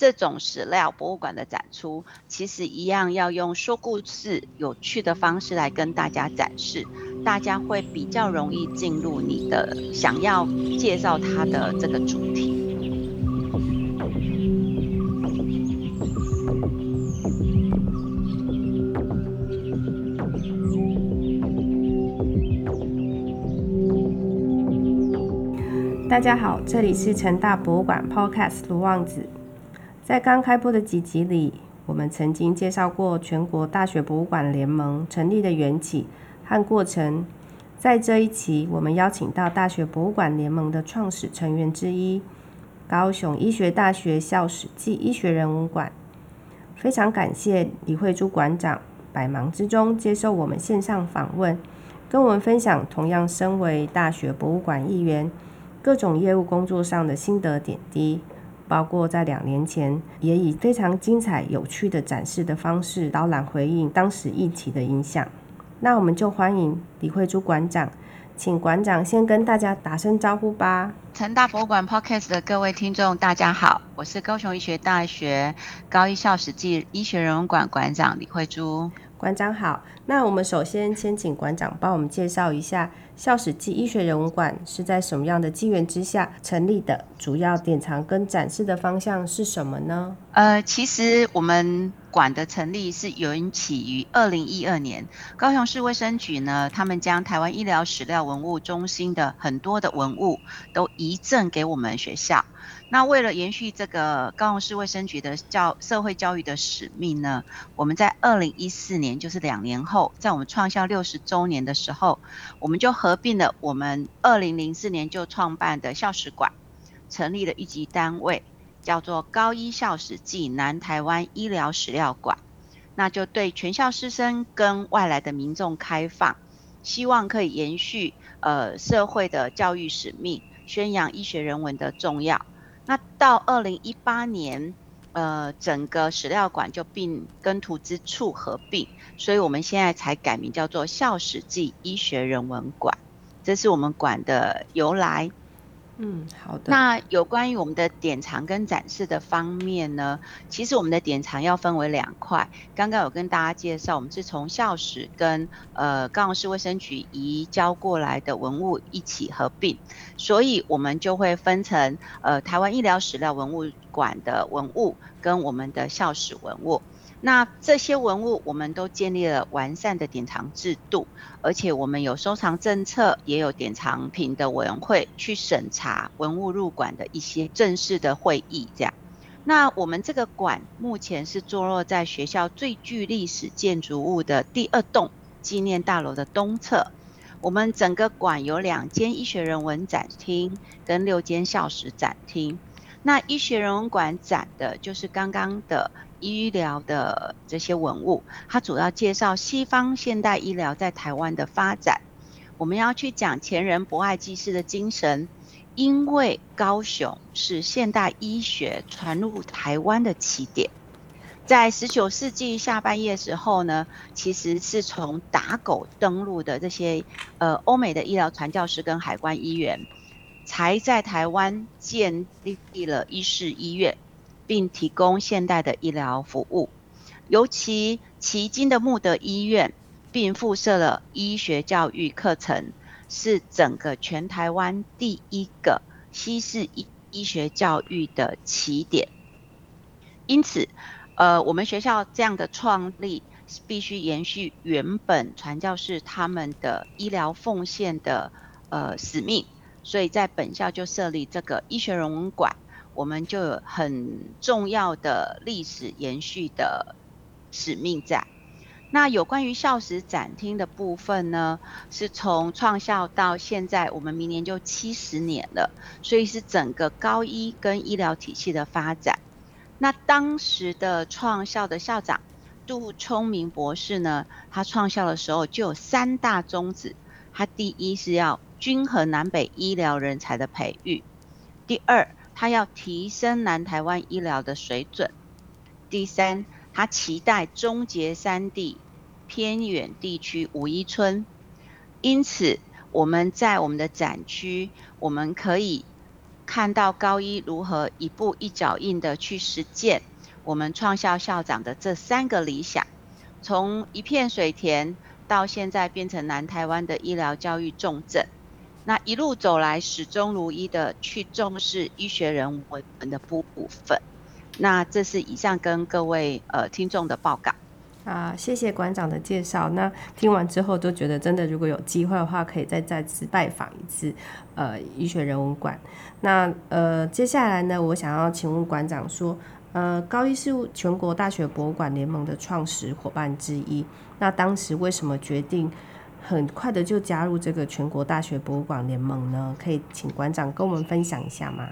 這種史料博物館的展出，其實一樣要用說故事、有趣的方式來跟大家展示，大家會比較容易進入你的想要介紹它的這個主題。大家好，這裡是成大博物館 Podcast 盧望子。在剛開播的幾集裡，我們曾經介紹過全國大學博物館聯盟成立的緣起和過程。在這一期，我們邀請到大學博物館聯盟的創始成員之一——高雄醫學大學校史暨醫學人文館，非常感謝李惠珠館長百忙之中接受我們線上訪問，跟我們分享同樣身為大學博物館一員，各種業務工作上的心得點滴。包括在兩年前，也以非常精彩、有趣的展示的方式，導覽回應當時疫情的影響。那我們就歡迎李惠珠館長，請館長先跟大家打聲招呼吧。成大博物館 Podcast 的各位聽眾，大家好，我是高雄醫學大學高醫校史暨醫學人文館，館館長李惠珠。館長好，那我們首先先請館長幫我們介紹一下。校史暨醫學人文館是在什麼樣的機緣之下成立的？主要典藏跟展示的方向是什麼呢？呃，其實我們館的成立是緣起於二零一二年高雄市衛生局呢，他們將台灣醫療史料文物中心的很多的文物都移贈給我們學校。那為了延續這個高雄市衛生局的教社會教育的使命呢，我們在二零一四年，就是兩年後，在我們創校六十週年的時候，我們就和合併了我們二零零四年就創辦的校史館，成立了一級單位，叫做高醫校史暨南台灣醫療史料館，那就對全校師生跟外來的民眾開放，希望可以延續呃社會的教育使命，宣揚醫學人文的重要。那到二零一八年。呃，整個史料館就并跟圖資處合併，所以我們現在才改名叫做校史暨醫學人文館，這是我們館的由來。嗯，好的。那有關於我們的典藏跟展示的方面呢？其實我們的典藏要分為兩塊。剛剛有跟大家介紹，我們是從校史跟呃高雄市衛生局移交過來的文物一起合併，所以我們就會分成呃台灣醫療史料文物館的文物跟我們的校史文物。那這些文物，我們都建立了完善的典藏制度，而且我們有收藏政策，也有典藏品的委員會去審查文物入館的一些正式的會議。這樣，那我們這個館目前是坐落在學校最具歷史建築物的第二棟紀念大樓的東側。我們整個館有兩間醫學人文展廳跟六間校史展廳。那醫學人文館展的就是剛剛的。醫療的這些文物，它主要介紹西方現代醫療在台灣的發展。我們要去講前人博愛濟世的精神，因為高雄是現代醫學傳入台灣的起點。在十九世紀下半葉時候呢，其實是從打狗登陸的這些呃歐美的醫療傳教士跟海關醫院，才在台灣建立了醫事醫院。並提供現代的醫療服務，尤其其今的慕德醫院，並附設了醫學教育課程，是整個全台灣第一個西式醫醫學教育的起點。因此，呃，我們學校這樣的創立，必須延續原本傳教士他們的醫療奉獻的呃使命，所以在本校就設立這個醫學人文館。我們就有很重要的歷史延續的使命在。那有關於校史展廳的部分呢，是從創校到現在，我們明年就七十年了，所以是整個高醫跟醫療體系的發展。那當時的創校的校長杜聰明博士呢，他創校的時候就有三大宗旨：他第一是要均衡南北醫療人才的培育，第二。他要提升南台灣醫療的水準。第三，他期待終結山地偏遠地區無醫村。因此，我們在我們的展區，我們可以看到高醫如何一步一腳印地去實踐我們創校校長的這三個理想，從一片水田到現在變成南台灣的醫療教育重鎮。那一路走來，始終如一的去重視醫學人文文的部分。那這是以上跟各位呃聽眾的報告啊、呃，謝謝館長的介紹。那聽完之後就覺得，真的如果有機會的話，可以再再次拜訪一次呃醫學人文館。那呃接下來呢，我想要請問館長說，呃高醫是全國大學博物館聯盟的創始夥伴之一，那當時為什麼決定？很快的就加入這個全國大學博物館聯盟呢，可以請館長跟我們分享一下嗎？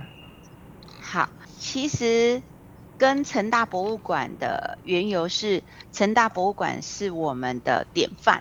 好，其實跟成大博物館的緣由是，成大博物館是我們的典範。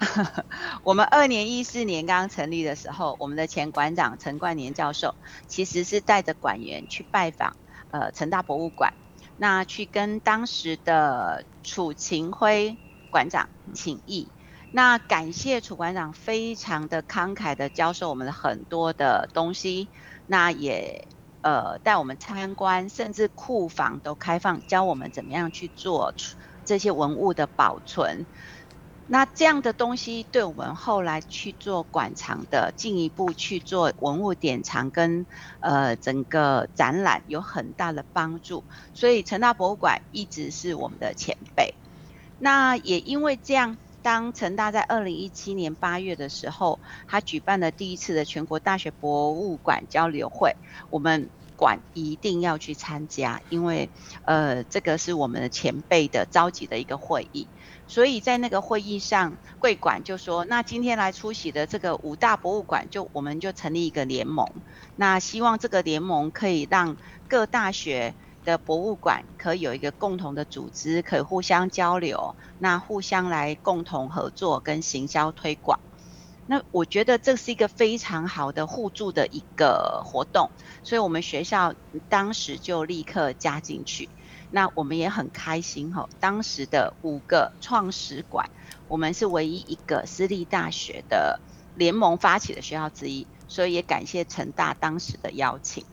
我們二零一四年剛剛成立的時候，我們的前館長陳冠年教授其實是帶着館員去拜訪呃成大博物館，那去跟當時的褚晴暉館長請益。那感謝楚館長，非常的慷慨地教授我們很多的東西，那也呃帶我們參觀，甚至庫房都開放，教我們怎麼樣去做這些文物的保存。那這樣的東西對我們後來去做館藏的進一步去做文物典藏跟呃整個展覽有很大的幫助。所以成大博物館一直是我們的前輩。那也因為這樣。當成大在二零一七年八月的時候，他舉辦了第一次的全國大學博物館交流會，我們館一定要去參加，因為呃，這個是我們的前輩的召集的一個會議，所以在那個會議上，貴館就說，那今天來出席的這個五大博物館，就我們就成立一個聯盟，那希望這個聯盟可以讓各大學的博物館可以有一個共同的組織，可以互相交流，那互相來共同合作跟行銷推廣。那我覺得這是一個非常好的互助的一個活動，所以我們學校當時就立刻加進去。那我們也很開心哈，當時的五個創始館，我們是唯一一個私立大學的聯盟發起的學校之一，所以也感謝成大當時的邀請。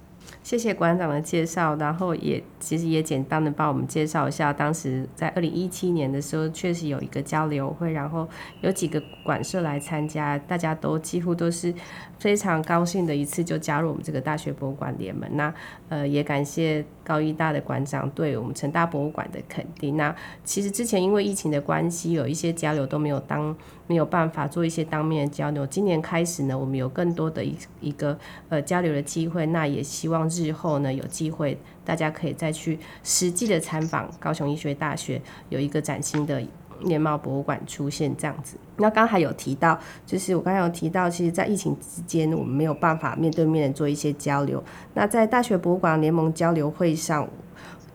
謝謝館長的介紹，然後也其實也簡單的幫我們介紹一下，當時在二零一七年的時候，確實有一個交流會，然後有幾個館舍來參加，大家都幾乎都是。非常高興的一次就加入我們這個大學博物館聯盟。那呃，也感謝高醫大的館長對我們成大博物館的肯定。那其實之前因為疫情的關係，有一些交流都沒有當沒有辦法做一些當面交流。今年開始呢，我們有更多的一一個呃交流的機會，那也希望日後呢有機會大家可以再去實際的參訪高雄醫學大學有一個嶄新的。聯貌博物館出現這樣子，那剛才還有提到，就是我剛才有提到，其實，在疫情之間，我們沒有辦法面對面的做一些交流。那在大學博物館聯盟交流會上。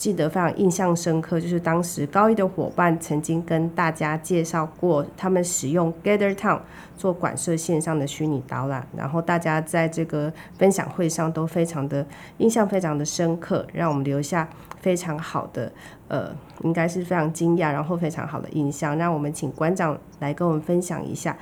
記得非常印象深刻，就是當時高醫的夥伴曾經跟大家介紹過他們使用 Gather Town 做館舍線上的虛擬導覽，然後大家在這個分享會上都非常的印象非常的深刻，讓我們留下非常好的呃，應該是非常驚訝，然後非常好的印象。那我們請館長來跟我們分享一下。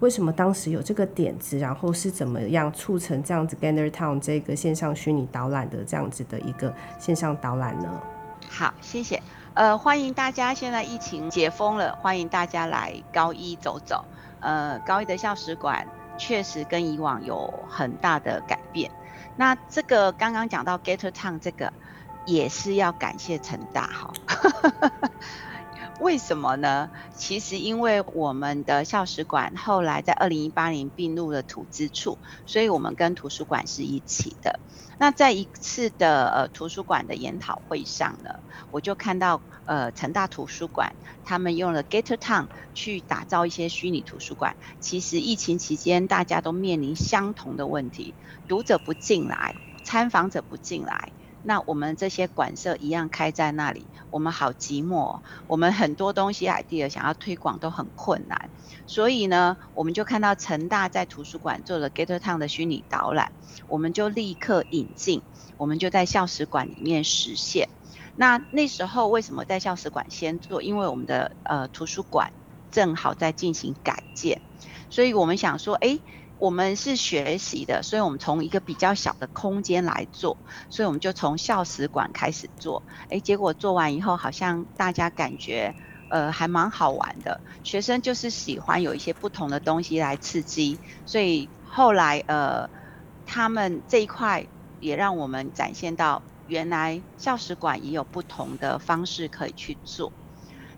為什麼當時有這個點子？然後是怎麼樣促成這樣子 Gather Town 這個線上虛擬導覽的這樣子的一個線上導覽呢？好，謝謝。呃，歡迎大家，現在疫情解封了，歡迎大家來高醫走走。呃，高醫的校史館確實跟以往有很大的改變。那這個剛剛講到 Gather Town 這個，也是要感謝陳大豪。 為什麼呢？其實因為我們的校史館後來在二零一八年併入了圖資處，所以我們跟圖書館是一起的。那在一次的呃圖書館的研討會上呢，我就看到呃成大圖書館他們用了 Gather Town 去打造一些虛擬圖書館。其實疫情期間大家都面臨相同的問題，讀者不進來，參訪者不進來。那我們這些館舍一樣開在那裡，我們好寂寞哦，我們很多東西，idea 想要推廣都很困難，所以呢，我們就看到成大在圖書館做了 Gather Town 的虛擬導覽，我們就立刻引進，我們就在校史館裡面實現。那那時候為什麼在校史館先做？因為我們的呃圖書館正好在進行改建，所以我們想說，哎。我們是學習的，所以我們從一個比較小的空間來做，所以我們就從校史館開始做，誒，結果做完以後，好像大家感覺，呃，還蠻好玩的。學生就是喜歡有一些不同的東西來刺激，所以後來呃，他們這一塊也讓我們展現到，原來校史館也有不同的方式可以去做。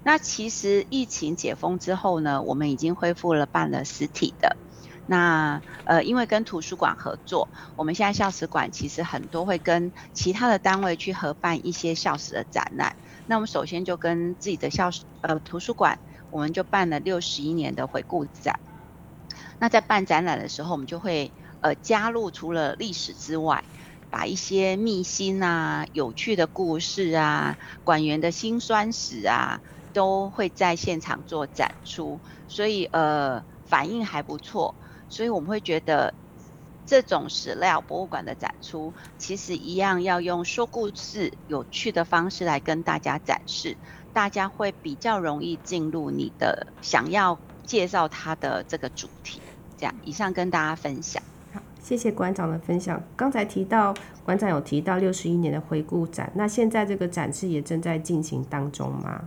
那其實疫情解封之後呢，我們已經恢復了辦了實體的。那呃，因為跟圖書館合作，我們現在校史館其實很多會跟其他的單位去合辦一些校史的展覽。那我們首先就跟自己的校史呃圖書館，我們就辦了六十一年的回顧展。那在辦展覽的時候，我們就會呃加入除了歷史之外，把一些祕辛啊、有趣的故事啊、館員的辛酸史啊，都會在現場做展出，所以呃反應還不錯。所以我們會覺得，這種史料博物館的展出，其實一樣要用說故事、有趣的方式來跟大家展示，大家會比較容易進入你的想要介紹它的這個主題。這樣，以上跟大家分享。好，謝謝館長的分享。剛才提到館長有提到六十一年的回顧展，那現在這個展示也正在進行當中嗎？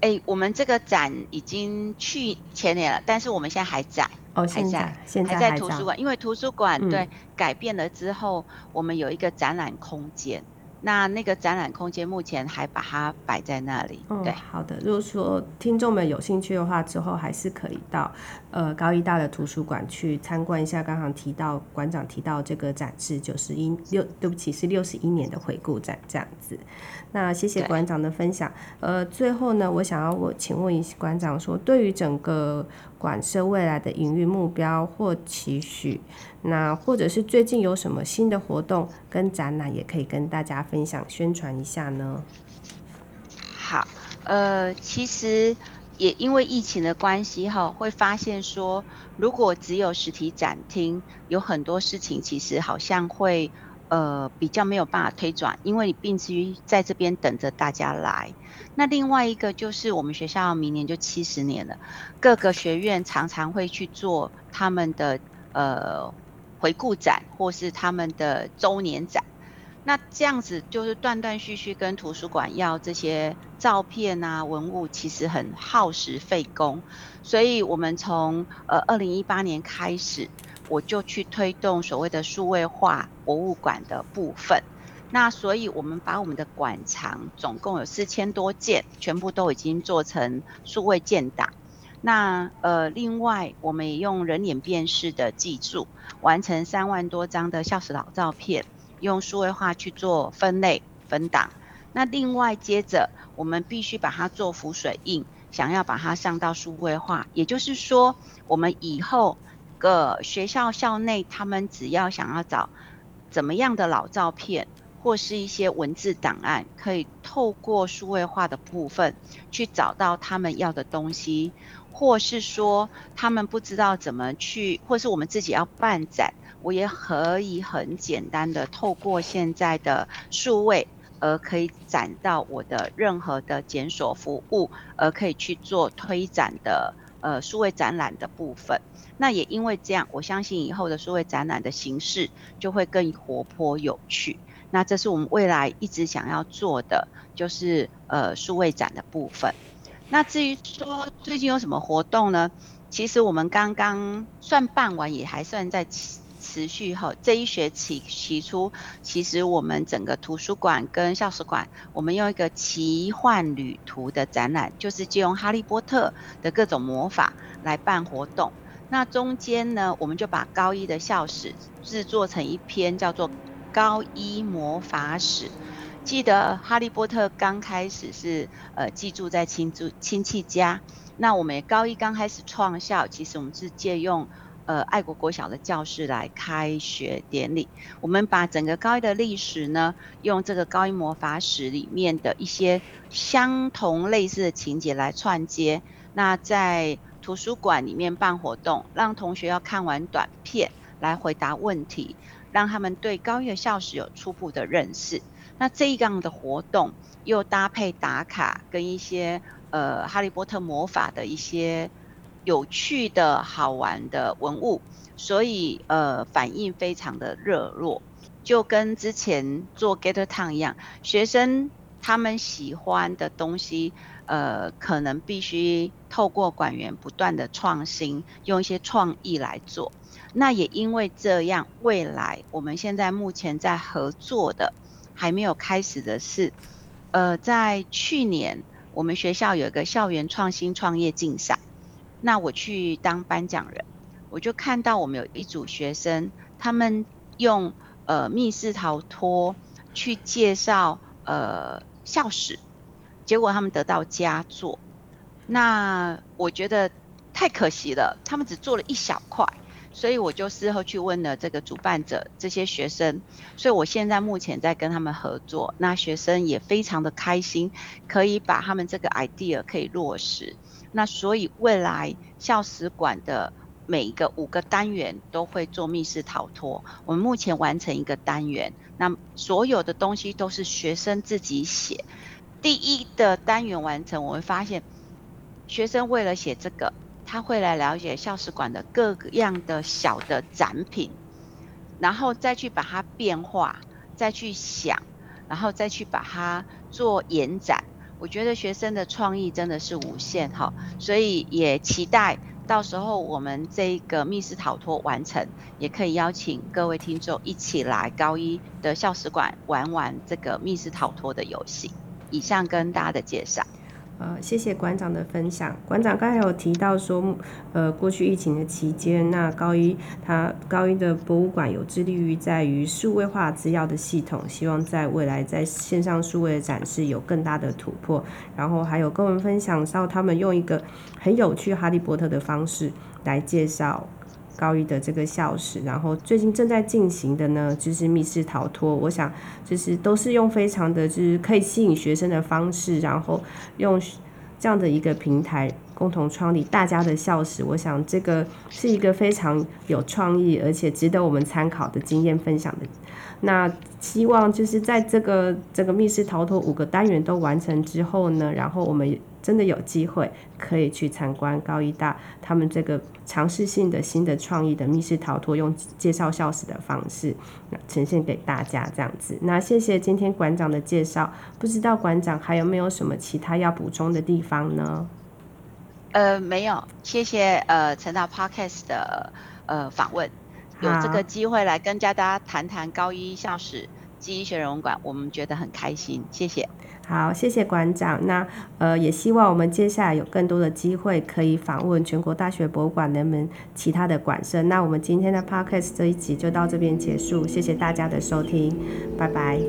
哎、欸，我們這個展，已經去前年了，但是我們現在還在，還、哦、在，還在，現在，還在圖書館，因為圖書館、嗯、對改變了之後，我們有一個展覽空間。那那個展覽空間目前還把它擺在那裡。嗯，對，好的。如果說聽眾們有興趣的話，之後還是可以到呃高醫大的圖書館去參觀一下。剛剛提到館長提到這個展示九十一六，96, 對不起，是六十一年的回顧展這樣子。那謝謝館長的分享。呃，最後呢，我想要我請問一下館長說，對於整個館舍未來的營運目標或期許。那或者是最近有什麼新的活動跟展覽，也可以跟大家分享宣傳一下呢？好，呃，其實也因為疫情的關係哈，會發現說，如果只有實體展廳，有很多事情其實好像會呃比較沒有辦法推轉，因為你並至於在這邊等着大家來。那另外一個就是我們學校明年就七十年了，各個學院常常會去做他們的呃。回顧展或是他們的週年展，那這樣子就是斷斷續續跟圖書館要這些照片啊、文物，其實很耗時費工。所以我們從呃二零一八年開始，我就去推動所謂的數位化博物館的部分。那所以我們把我們的館藏總共有四千多件，全部都已經做成數位建檔。那呃，另外我們也用人臉辨識的技術完成三萬多張的校史老照片，用數位化去做分類分檔。那另外接着，我們必須把它做浮水印，想要把它上到數位化，也就是說，我們以後個學校校內他們只要想要找怎麼樣的老照片或是一些文字檔案，可以透過數位化的部分去找到他們要的東西。或是說他們不知道怎麼去，或是我們自己要辦展，我也可以很簡單的透過現在的數位，而可以展到我的任何的檢索服務，而可以去做推展的呃數位展覽的部分。那也因為這樣，我相信以後的數位展覽的形式就會更活潑有趣。那這是我們未來一直想要做的，就是呃數位展的部分。那至於說最近有什麼活動呢？其實我們剛剛算辦完，也還算在持持續哈。這一學期期初，其實我們整個圖書館跟校史館，我們用一個奇幻旅途的展覽，就是借用哈利波特的各種魔法來辦活動。那中間呢，我們就把高醫的校史製作成一篇叫做《高醫魔法史》。記得《哈利波特》剛開始是呃寄住在親住親戚家。那我們高醫剛開始創校，其實我們是借用呃愛國國小的教室來開學典禮。我們把整個高醫的歷史呢，用這個高醫魔法史裡面的一些相同類似的情節來串接。那在圖書館裡面辦活動，讓同學要看完短片來回答問題，讓他們對高醫的校史有初步的認識。那這一項的活動又搭配打卡，跟一些呃《哈利波特》魔法的一些有趣的好玩的文物，所以呃反應非常的熱絡，就跟之前做 Gather Town 一樣，學生他們喜歡的東西，呃，可能必須透過館員不斷的創新，用一些創意來做。那也因為這樣，未來我們現在目前在合作的。還沒有開始的是，呃，在去年我們學校有一個校園創新創業競賽，那我去當頒獎人，我就看到我們有一組學生，他們用呃密室逃脫去介紹呃校史，結果他們得到佳作，那我覺得太可惜了，他們只做了一小塊。所以我就事後去問了這個主辦者這些學生，所以我現在目前在跟他們合作，那學生也非常的開心，可以把他們這個 idea 可以落實。那所以未來校史館的每一個五個單元都會做密室逃脫，我們目前完成一個單元，那所有的東西都是學生自己寫。第一的單元完成，我會發現學生為了寫這個。他會來了解校史館的各樣的小的展品，然後再去把它變化，再去想，然後再去把它做延展。我覺得學生的創意真的是無限哈，所以也期待到時候我們這個密室逃脫完成，也可以邀請各位聽眾一起來高醫的校史館玩玩這個密室逃脫的遊戲。以上跟大家的介紹。呃，謝謝館長的分享。館長剛才有提到說，呃，過去疫情的期間，那高醫他高醫的博物館有致力於在於數位化資料的系統，希望在未來在線上數位的展示有更大的突破。然後還有跟我們分享到他們用一個很有趣《哈利波特》的方式來介紹。高醫的這個校史，然後最近正在進行的呢，就是密室逃脫。我想，就是都是用非常的，就是可以吸引學生的方式，然後用這樣的一個平台共同創立大家的校史。我想，這個是一個非常有創意，而且值得我們參考的經驗分享的。那希望就是在這個這個密室逃脫五個單元都完成之後呢，然後我們，真的有機會可以去參觀高醫大他們這個嘗試性的新的創意的密室逃脫，用介紹校史的方式呈現給大家這樣子。那謝謝今天館長的介紹，不知道館長還有沒有什麼其他要補充的地方呢？呃，沒有，謝謝呃成大 Podcast 的呃訪問，有這個機會來跟大家談談高醫校史，醫學人文館，我們覺得很開心，謝謝。好，謝謝館長。那呃，也希望我們接下來有更多的機會可以訪問全國大學博物館，聯盟其他的館舍。那我們今天的 podcast 這一集就到這邊結束，謝謝大家的收聽，拜拜。